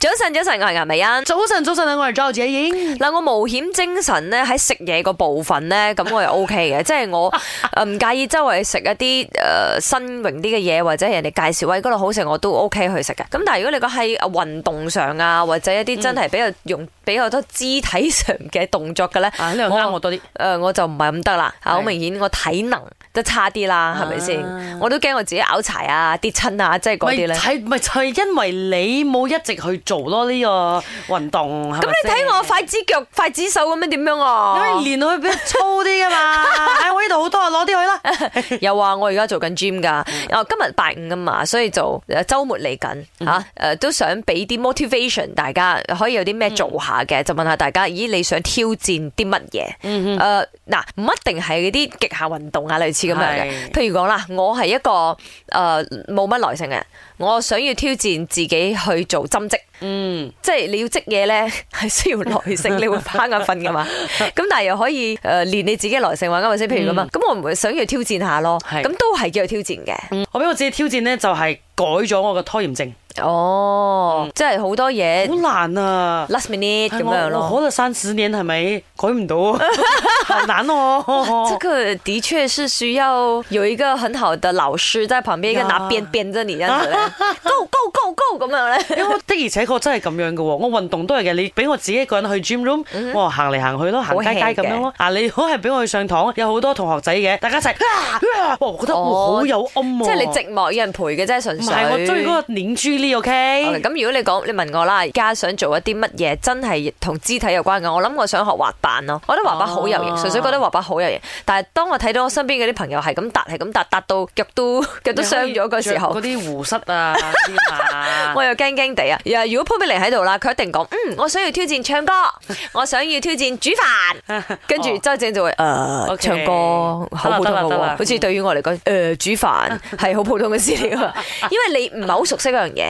早晨，早晨我係顏美欣。早晨，早晨我係周子英。嗱，我冒險精神咧喺食嘢個部分咧，咁 我係 O K 嘅，即係我唔介意周圍食一啲誒、呃、新穎啲嘅嘢，或者人哋介紹喂嗰度好食，我都 O K 去食嘅。咁但係如果你講係啊運動上啊，或者一啲真係比較用比較多肢體上嘅動作嘅咧，呢個啱我多啲。誒、呃，我就唔係咁得啦，好明顯我體能。都差啲啦，係咪先？我都驚我自己拗柴啊、跌親啊，即係嗰啲咧。係咪就係、是、因為你冇一直去做咯、啊、呢、這個運動？咁你睇我筷子腳、筷子手咁樣點樣啊？咁樣練落去變粗啲噶嘛？喺、 哎、我呢度好多，攞啲去啦。 又話我而家做緊 gym 噶，啊今日拜五噶嘛，所以就周末嚟緊吓，誒、嗯啊呃、都想俾啲 motivation 大家，可以有啲咩做下嘅、嗯，就問下大家，咦你想挑戰啲乜嘢？嗱、嗯，唔、啊、一定係嗰啲極限運動啊，類似。似咁樣嘅，譬如講啦，我係一個誒冇乜耐性嘅人，我想要挑戰自己去做針織，嗯，即係你要織嘢，咧係需要耐性， 你會趴眼瞓噶嘛？咁但係又可以誒練、呃、你自己嘅耐性或者啱唔啱先？譬如咁啊，咁、嗯、我唔會想要挑戰一下咯，咁都係叫挑戰嘅。我俾我自己挑戰咧，就係改咗我嘅拖延症。哦、oh, 嗯，即係好多嘢好難啊！Last minute 咁樣咯，我可能三十年係咪改唔到？ 難哦，這個的確是需要有一個很好的老師在旁邊，yeah. 一個拿鞭鞭着你，這樣咧，go go go go 咁樣咧。 我的而且確真係咁樣嘅，我運動都係嘅。你俾我自己一個人去 gym room，我行嚟行去咯，行街街咁樣咯。啊，你如果係俾我去上堂，有好多同學仔嘅，大家一齊、啊啊，我覺得、oh, 呃、好有暗、啊，即、就、係、是、你寂寞有人陪嘅啫，純粹。係，我中意個 OK，咁如果你講，你問我啦，而家想做一啲乜嘢真係同肢體有關嘅，我諗我想學滑板咯。我覺得滑板好有型，純、oh. 粹覺得滑板好有型。但係當我睇到我身邊嗰啲朋友係咁搭，係咁搭，搭到腳都腳都傷咗嘅時候，嗰啲護膝啊， 啊我又驚驚地啊。如果 p o m 喺度啦，佢一定講，嗯，我想要挑戰唱歌，我想要挑戰煮飯。跟住周正就會誒唱歌好普通嘅，好似對於我嚟講，誒煮飯係好普通嘅事嚟噶，因為你唔係好熟悉嗰樣嘢。